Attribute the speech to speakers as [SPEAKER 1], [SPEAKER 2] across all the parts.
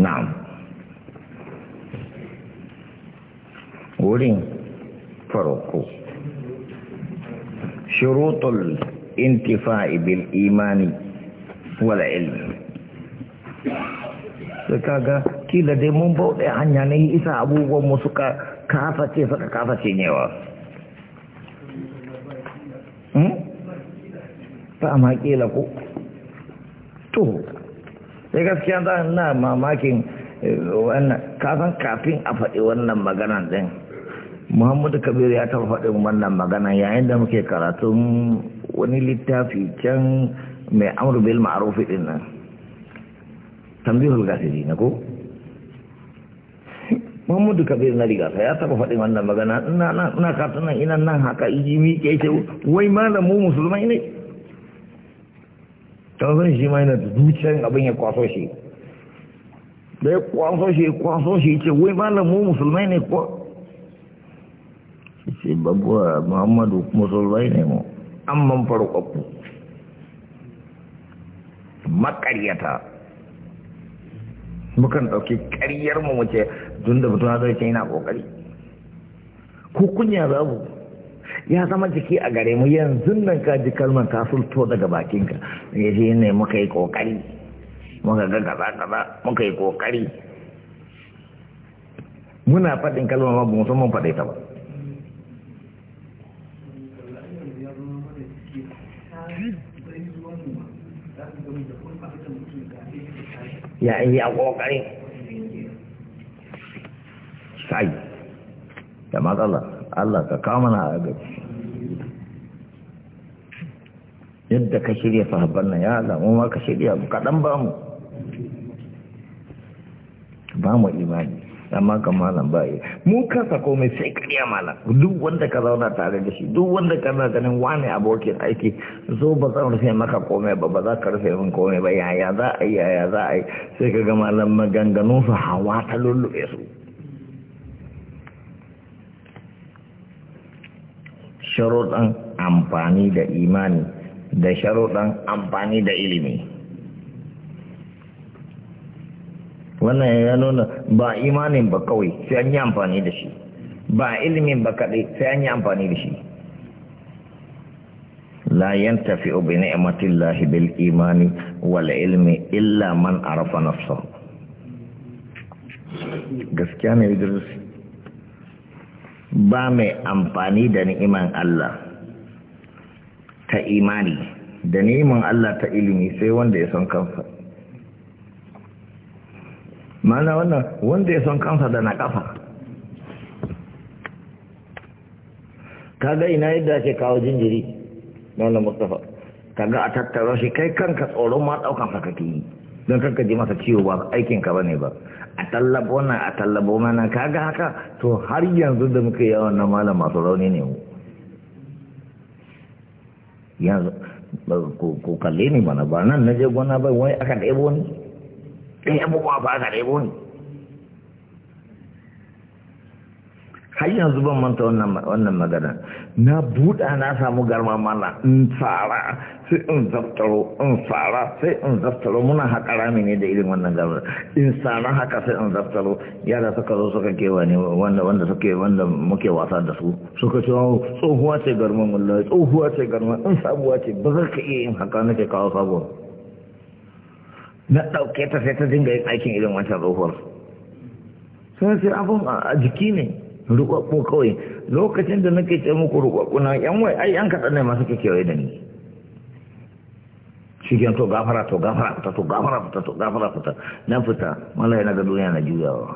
[SPEAKER 1] na'am wurin farko shurutul intifa'i bil imani wal ilmi sai kaga kila dai mun bauɗe hanya ne isa abubuwan mu suka kaface suka kaface newa ta hmm? ma kila ko to sai gaskiya za na mamakin eh, wannan kafin kafin a faɗi wannan maganan ɗin muhammadu kabiru ya taɓa faɗin wannan maganan yayin da muke karatun wani littafi can mai amur bil ma'arufi ɗin nan tambihul gasiri na ko muhammadu kabiru na riga ya taɓa faɗin wannan maganan ina katunan ina nan haka iji miƙe ce wai malamu musulmai ne tausayin shi ma yana da zuciyar abin ya kwaso shi da ya kwaso shi ya kwaso shi ce wai malam mu musulmai ne ko ce babuwa muhammadu musulmai ne mu an man farko makaryata mukan ɗauki ƙaryar mu mace ce tun da mutum zai ce yana ƙoƙari ko kunya mu ya zama jiki a gare mu yanzu nan ka ji kalmar ta sulto daga bakinka ya je ne muka yi kokari muka ga kaza kaza muka yi kokari muna faɗin kalmar ma ba mun faɗe ta ba ya yi a kokari sai da matsala Allah ka kama na gaji yadda ka shirya sahabban nan ya Allah mu ma ka shirya kaɗan ba mu ba mu imani amma ka malam baye mu kasa komai sai kariya malam duk wanda ka zauna tare da shi duk wanda ka na ganin wani abokin aiki zo ba zan rufe maka komai ba ba za ka rufe min komai ba yaya za a yi yaya za a yi sai ka ga malam maganganun su hawa ta lullube su sharuɗan amfani da imani da sharuɗan amfani da ilimi wannan ya nuna ba imanin ba kawai sai an yi amfani da shi ba ilimin ba kaɗai sai an yi amfani da shi la yantafi bi ni'matillahi bil imani wal ilmi illa man arafa nafsa gaskiya ne Idris ba mai amfani da ni'iman Allah ta imani da ni'iman Allah ta ilimi sai wanda ya son kansa mana wannan wanda ya son kansa da na kafa kaga ina yadda ake kawo jinjiri wannan mustafa kaga a tattara shi kai kanka tsoron ma ke yi. don kanka ji masa ciwo ba aikinka ba ne ba a tallabo na a tallabo mana kaga haka to har yanzu da muka yi yawan na malam masu rauni ne mu yanzu ko kalle ne mana ba nan na je gona bai wani aka ɗebo ne ɗaya abubuwa ba aka ɗebo ne har yanzu ban manta wannan magana na buɗa na samu garma mana in tsara sai in zaftaro in tsara sai in zaftaro muna haƙa rami ne da irin wannan garma in tsara haka sai in zaftaro yara suka zo suka kewa ne wanda wanda suke wanda muke wasa da su suka ce tsohuwa ce garma mulla tsohuwa ce garma in sabuwa ce ba za ka iya yin haka nake kawo sabuwa na ɗauke ta sai ta dinga yin aikin irin wancan tsohuwar sai sai abun a jiki ne rukwakko kawai lokacin da nake ce muku rukwakko na yan wai ai yan kaɗan ne masu kekewaye da ni shi to gafara to gafara fita to gafara fita to gafara fita na fita malaye na ga duniya na juyawa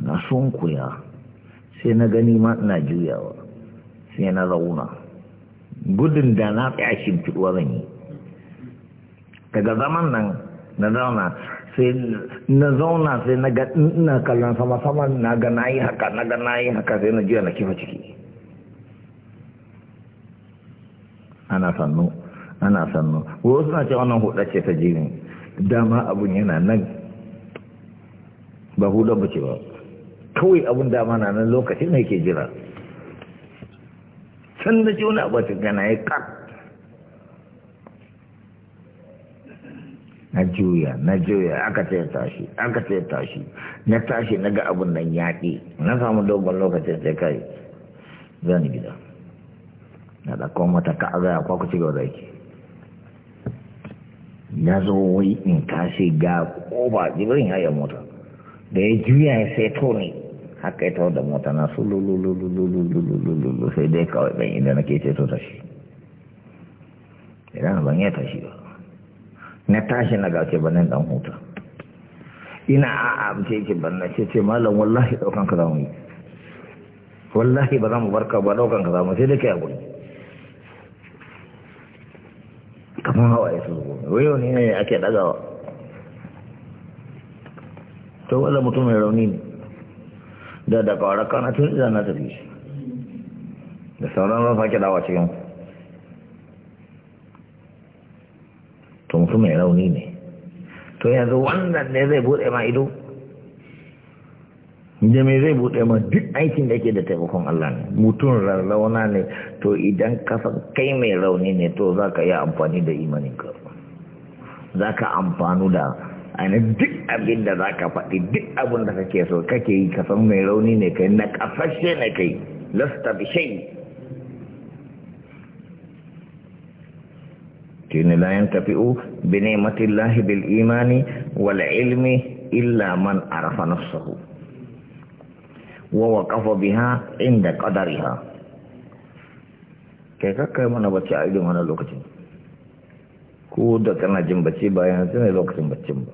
[SPEAKER 1] na sunkuya sai na gani ma ina juyawa sai na zauna gudun da na tsaya fituwa zan yi daga zaman nan na zauna sai na zauna sai na ga ina kallon sama sama na ga na yi haka na ga na yi haka sai na jiya na kifa ciki ana sannu ana sannu wasu na ce wannan hudu ce ta jini dama abun yana nan ba hudu ba ce ba kawai abun dama na nan lokacin da yake jira Sannan da ce wani abu ta gana na juya na juya aka ce tashi aka ce tashi na tashi na ga abun nan yaƙi na samu dogon lokacin sai kai zan gida na ɗauko mata ka a zaya kwaku ga da yake ya zo wai in tashi ga ƙofa jibirin ya mota da ya juya ya seto ne haka ya da mota na su na tashi na ga ce banin dan huta ina a ce ki banna ce ce malam wallahi daukan ka zamu wallahi ba za mu barka ba daukan ka zamu sai da kai hakuri kamar ya su zuwa wayo ne ake dagawa to wala mutum mai rauni ne da da kawar kana tun idan na tafi da sauran ran sake dawa cikin mai rauni ne to yanzu wannan ne zai buɗe ma ido da mai zai buɗe ma duk aikin da ke da taimakon Allah ne mutum rarrauna ne to idan kasa kai mai rauni ne to za ka yi amfani da imanin ka? za ka amfanu da ainihin duk abin da za ka faɗi duk abin da kake so kake yi kasan mai rauni ne kai na ƙasashe ne kai lasta bishai shine la yantafi'u bi ni'matillahi bil imani wal ilmi illa man arafa nafsahu wa waqafa biha inda qadariha kai kakkai mana bacci a irin wani lokacin ko da kana jin bacci bayan sai lokacin baccin ba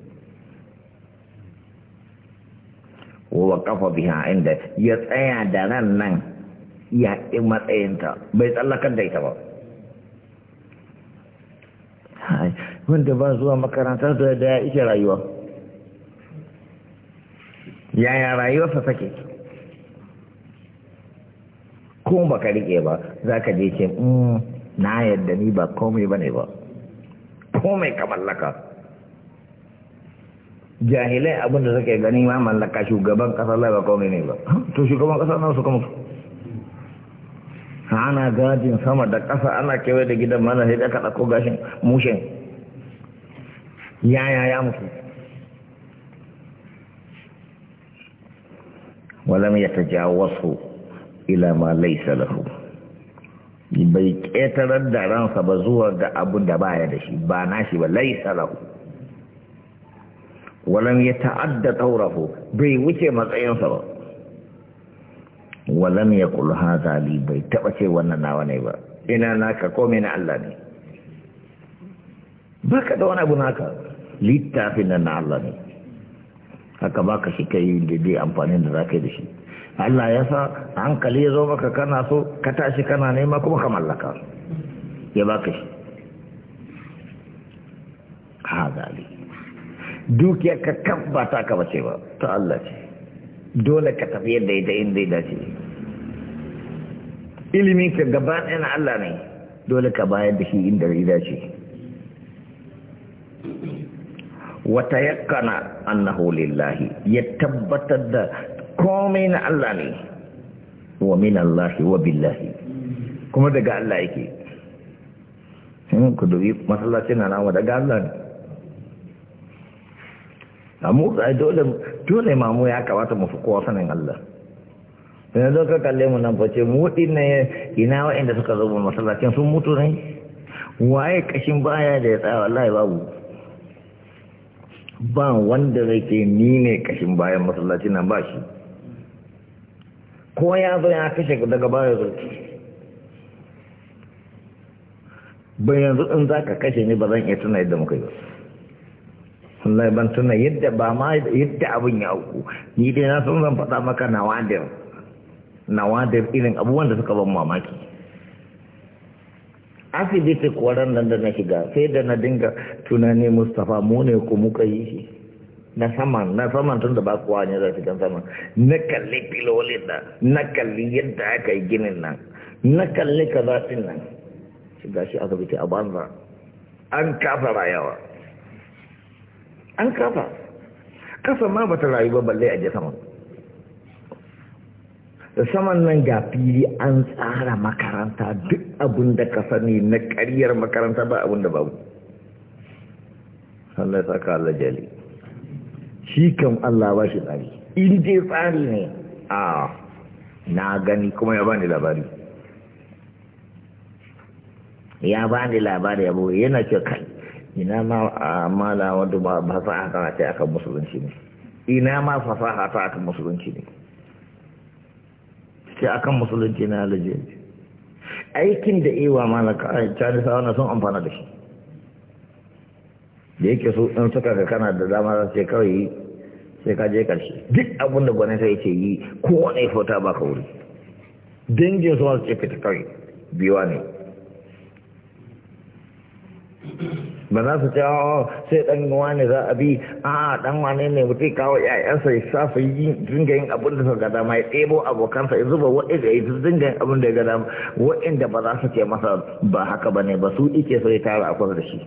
[SPEAKER 1] wa waqafa biha inda ya tsaya da ran nan ya matsayin matsayinta bai tsallakar da ita ba wanda ba zuwa makaranta da da ita ike rayuwa yaya rayuwa? fa sake ko ba ka rike ba za ka je ce mm, na yadda ni ba komai ba ne ba komai ka mallaka jahilai abinda suke gani ma mallaka shugaban kasar lai komai ne ba to shugaban kasar na suka mutu ana gadin sama da ƙasa ana kewaye da gidan mana sai da ka ɗauko gashin mushen yaya ya mutu walam ya tajawasu ila ma laisa lahu bai ƙetarar da ransa ba zuwa ga abu da baya da shi ba nashi ba laisa lahu walam ya ta'adda taurahu bai wuce matsayinsa ba walam ya kula haza li bai taba ce wannan nawa ne ba ina naka ko na Allah ne baka da wani abu naka littafin nan na Allah ne haka baka shi kai da dai amfanin da zaka yi da shi Allah ya sa hankali ya zo maka kana so ka tashi kana nema kuma ka mallaka ya baka shi haza li ya ka kabbata ka bace ba ta Allah ce dole ka tafi yadda ita inda ya dace ilimin ka gaba ɗaya na Allah ne dole ka bayar da shi inda ya dace wata yakana annahu lillahi ya tabbatar da komai na Allah ne wa min Allah wa billahi kuma daga Allah yake ku dubi masallacin na nawa daga Allah ne mu dole dole ma mu ya kamata mu fuko kowa sanin Allah dan zo ka kalle mu nan face mu din ne ina inda suka zo mu masallacin sun mutu ne waye kashin baya da ya tsaya wallahi babu ba wanda zai ni ne kashin bayan masallacin nan ba shi ko ya zo ya kashe daga baya zo bayan yanzu in za ka kashe ni ba zan iya tuna yadda muka yi ba wallahi ban tuna yadda ba ma yadda abin ya auku ni dai na san zan faɗa maka nawadir nawadir irin abubuwan da suka ban mamaki asibiti kwaran nan da na shiga sai da na dinga tunani mustapha mu ne ku muka yi shi na saman na saman tun da ba kowa ne za su kan saman na kalli filolin da na kalli yadda aka yi ginin nan na kalli kaza nan shiga shi asibiti a banza an kafa rayawa an kafa kasan ma bata rayu ba balle a je saman da saman nan ga fili an tsara makaranta duk abin da ka sani na kariyar makaranta ba abin da babu Allah ya saka Allah jali shi kan Allah ba shi tsari inda tsari ne a na gani kuma ya bani labari ya bani labari yabo yana ce kai ina ma mala wadda ba ba sa aka ce aka musulunci ne ina ma fasaha ta aka musulunci ne ce aka musulunci na laje aikin da iwa malaka a cari sa wannan sun amfana da shi da yake so in suka ga kana da dama za su ce kawai sai ka je karshe duk abin da gwamnati sai ce yi ko wani fota ba ka wuri dangin su masu ce fita kawai biyuwa ne ba za su cewa oh, oh, sai dan ne za a bi a dan wane ne mutu kawo ya'yansa ya sa yi dinga yin abin da su gada dama ya ɗebo abokansa ya zuba waɗanda ya dinga yin abin da ya gada waɗanda ba za su ce masa ba haka ba ne ba su ike so tara a kusa da shi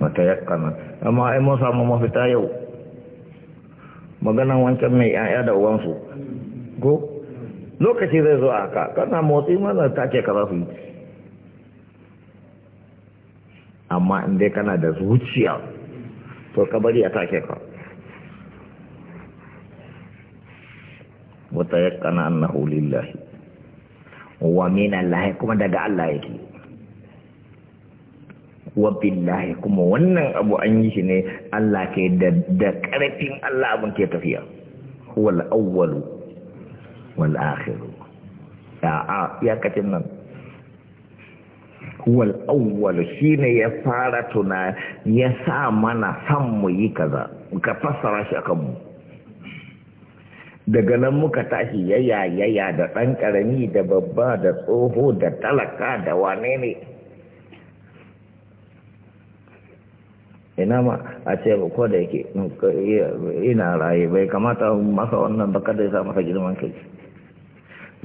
[SPEAKER 1] mata yakkana amma ai mun samu mafita yau maganan wancan mai yaya da uwansu ko lokaci zai zo a haka kana motsi mana ta ce ka yi amma in dai kana da zuciya to ka bari a ke ka wata yakana annahu lillahi wa min lahi kuma daga Allah yake wa lahi kuma wannan abu an yi shi ne Allah ke da ƙarfin karfin Allah abin ke tafiya huwal awwalu wal akhiru a iyakacin nan huwal awwal shine ya fara tuna ya sa mana san mu yi kaza ka fassara shi akan mu daga nan muka tashi yaya yaya da ɗan karami da babba da tsoho da talaka da wane ne ina ma a ce ko da yake ina raye bai kamata masa wannan ba kada ya sa masa girman kai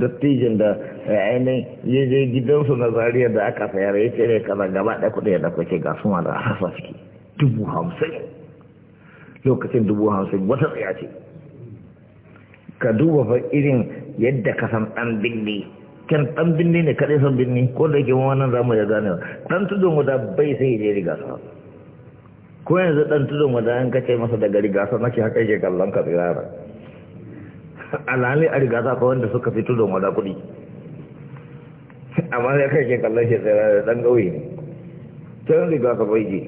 [SPEAKER 1] dattijin da eh, ainihin ya je gidansu na zariya da aka sayar ya ne kaza gaba da kuɗi da kwace ga ma da hasa suke dubu hamsin lokacin dubu hamsin wata tsaya ce ka duba fa irin yadda ka san ɗan binne kan ɗan binne ne kaɗai san binne ko da yake wannan zamu ya gane ɗan tudun wada bai sai ya riga sa ko yanzu ɗan tudun wada an kace masa daga riga sa nake haka yake kallon ka tsirara alhali a riga za ka wanda suka fito don wada kuɗi amma ya kai ke kallon shi tsira da ɗan ƙauye ne can riga ka baige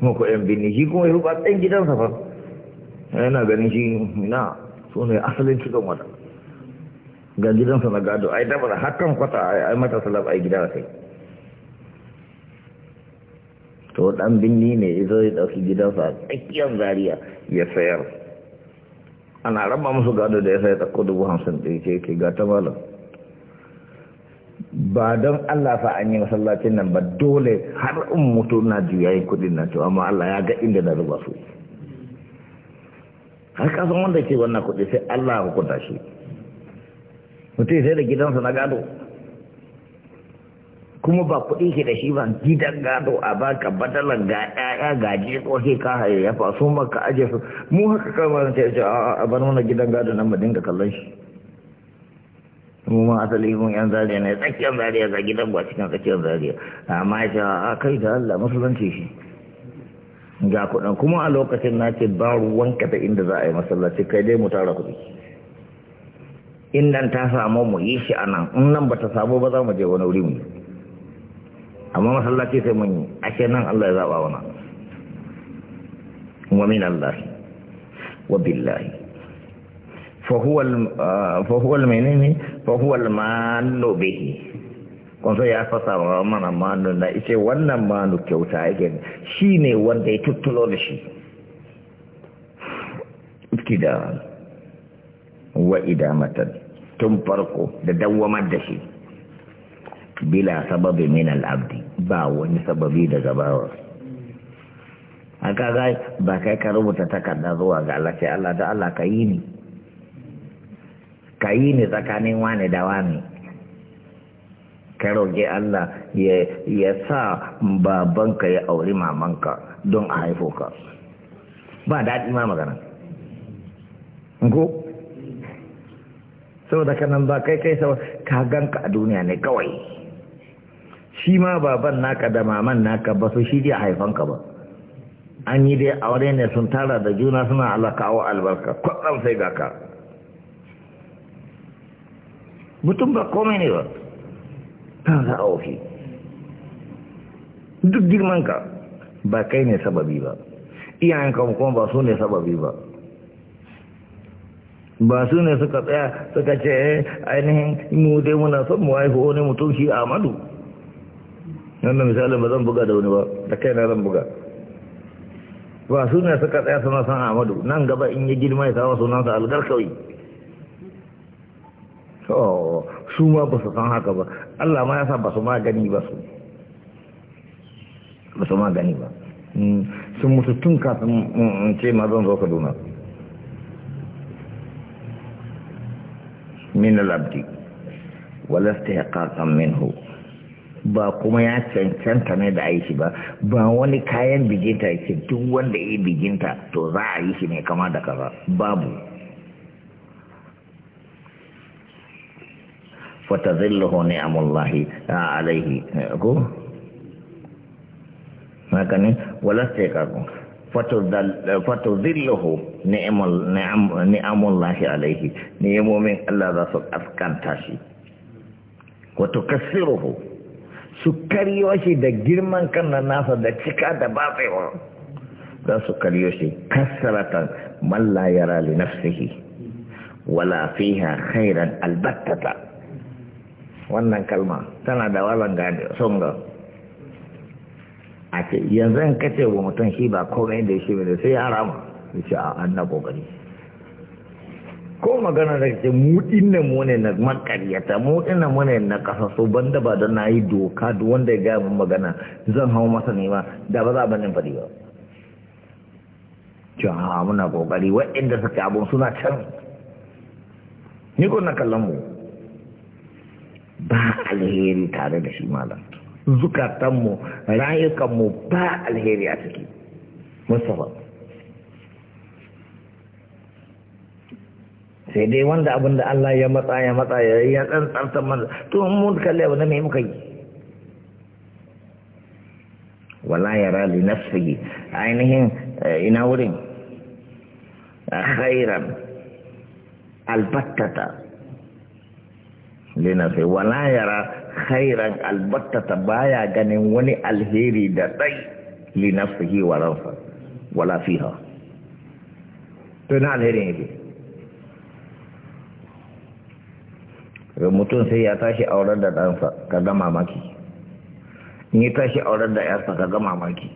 [SPEAKER 1] muku yan bini shi kuma ya ruba ɗan gidansa fa yana ganin shi na su ne asalin don wada. ga gidansa na gado ai bara hakan kwata ai mata salaf ai gida kai to dan binni ne ya ya ɗauki gidansa a tsakiyar zaria ya sayar ana raba musu gado da ya sai ɗauko dubu hamsin ɗin ke ke gata malam ba don Allah fa an yi masallacin nan ba dole har in mutu na juya yi kudin na cewa amma Allah ya ga inda na ruba su har kasan wanda ke wannan kudi sai Allah hukunta shi mutum sai da gidansa na gado kuma ba kuɗi ke da shi ba gidan gado a baka badalan ga ɗaya ga jikoki ka haye ya faso maka aje su mu haka kawai ta yace a bar mana gidan gado nan mu dinga kallon shi mu ma asali mun yan zariya ne tsakiyar zariya ga gidan ba cikin tsakiyar zariya amma ya ce a kai da Allah musulunci shi ga kuɗin kuma a lokacin na ce ba ruwanka da inda za a yi masallaci kai dai mu tara kuɗi in nan ta samu mu yi shi a nan in nan ba ta samu ba za mu je wani wuri mu amma masallaci sai mun yi ake nan Allah ya zaba wana wa min Allah wa billahi fa huwa ah, fa huwa menene fa huwa al manu bihi kun ya fasa wa mana manu da ice wannan manu kyauta yake shine wanda ya tuttulo da shi ibtida wa idamatan tun farko da dawwamar da shi bila sababi min al'abdi ba wani sababi da bawa a kaga ba kai ka rubuta takarda zuwa ga Allah sai Allah da Allah ka ni ka ni tsakanin wani da wani ka roƙi Allah ya sa babanka ya auri mamanka don a haifo ka ba daɗi ma magana ko saboda kanan ba kai kai saboda ka ganka a duniya ne kawai shi ma baban naka da maman naka ba su shi dai haifanka ba an yi dai aure ne sun tara da juna suna alakawa albarka kwatsam sai ga ka mutum ba komai ne ba ta za a wafi duk girmanka ba kai ne sababi ba iyayenka kuma ba su ne sababi ba ba su ne suka tsaya suka ce eh, ainihin mu dai muna son mu haihu wani mutum shi amadu nan da misali ba zan buga da wani ba da kai na zan buga ba su ne suka tsaya suna san amadu nan gaba in ya girma ya sawa sunansa algarkawi su ma ba su san haka ba allah ma ya sa ba su ma gani ba su ba su ma gani ba hmm, sun mutu tun kafin ce ma zan zo kaduna min al-abdi wala istihqaqan minhu ba kuma ya cancanta ne da aiki ba ba wani kayan biginta yake duk wanda ya biginta to za a yi shi ne kama da kaza babu ne fatazillahu a alaihi ko haka ne wala sai ka ne fatazillahu ni'amul ni'amullahi alaihi momin Allah za su askanta shi wa tukassiruhu su karyo shi da girman kanna nasa da cika da batsewa za su karyo shi kasaratan man la wala fiha khairan albattata wannan kalma tana da walan gane son ga a ce yanzu kace wa mutum shi ba komai da shi ne sai ya rama ya ce a an ko magana da ke mu dinne mu ne na makaryata mu dinne mu ne na so banda ba da na yi doka duk wanda ya gaya mun magana zan hau masa nema da ba za a banin fadi ba cewa muna kokari waɗanda suka abun suna can ni ko na kallon mu ba alheri tare da shi mu zukatanmu mu ba alheri a ciki musamman sai dai wanda abin da Allah ya matsa ya matsa ya ya dan tsartar mana to mun kalle wannan me muka yi wala yara li nafsihi ainihin eh, ina wurin khairan albattata linafsi wala yara khairan albattata baya ganin wani alheri da tsai linafsihi wa ransa wala fiha to alherin alheri ne Eh, mutum sai ya tashi aurar da ɗansa ka ga mamaki in ya tashi aurar da ɗansa ka ga mamaki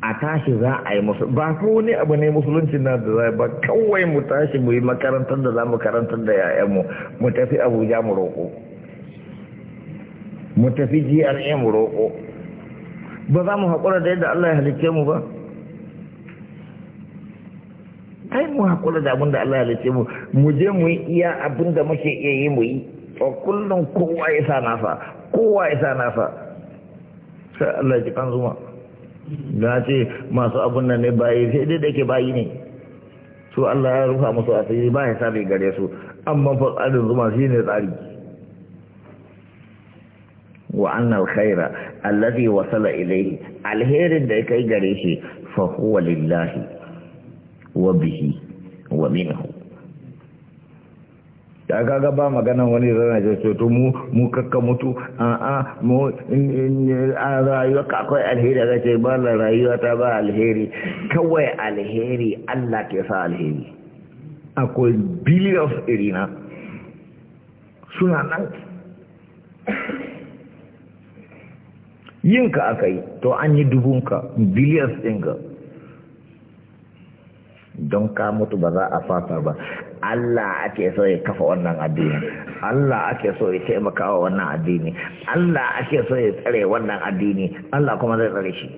[SPEAKER 1] a tashi za a yi musu ba ko wani abu ne musulunci na da za ba kawai mu tashi mu yi makarantar da za mu karantar da yayanmu mu tafi abuja mu roƙo mu tafi gra mu roƙo ba za mu haƙura da yadda allah ya halicce mu ba kai mu hakura da abin da Allah ya lice mu mu je mu yi iya abin da muke iya yi mu yi A kullum kowa ya sa nasa kowa ya sa nasa sai Allah ji kan zuma da ce masu abun nan ne bayi sai dai da ke bayi ne su Allah ya rufa musu sai ba ya sabi gare su amma fa tsarin zuma shi ne tsari wa annal khaira allazi wasala ilayhi alherin da ya kai gare shi fa huwa lillahi wa bihi wa minhu da kaga ba magana wani zana ce to mu mu kakka mutu a a mu a rayuwa ka akwai alheri da ce ba la rayuwa ta ba alheri kawai alheri Allah ke sa alheri akwai billions irina suna nan yin yinka akai to an yi dubunka billions ga don ka mutu ba za a fata ba Allah ake so ya kafa wannan addini Allah ake so ya taimaka wa wannan addini Allah ake so ya tsare wannan addini Allah kuma zai tsare shi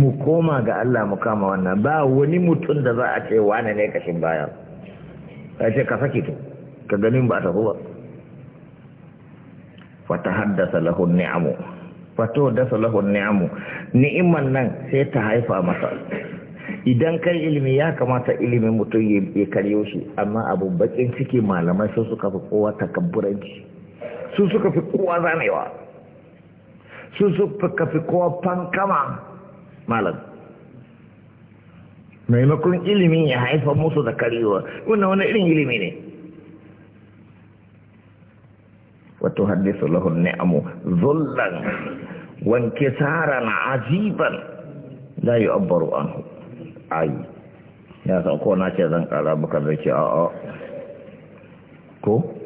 [SPEAKER 1] mu koma ga Allah mu kama wannan ba wani mutum da za a ce wane ne kashin baya ya ce ka saki to ka ganin ba ta ba fata haddasa lahun ni'amu fato dasa lahun ni'amu ni'iman nan sai ta haifa masa idan kai ilimi ya kamata ilimin mutum ya karyo shi amma abu bakin ciki malamai sun suka fi kowa takabburanci sun suka fi kowa zamewa sun suka fi kowa fankama malam maimakon ilimin ya haifa musu da karyewa wannan wani irin ilimi ne wato haddisa lahun ni'amu zullan na ajiban la yu'abbaru anhu ayi ya san ko na ce zan kara baka zai ce a'a ko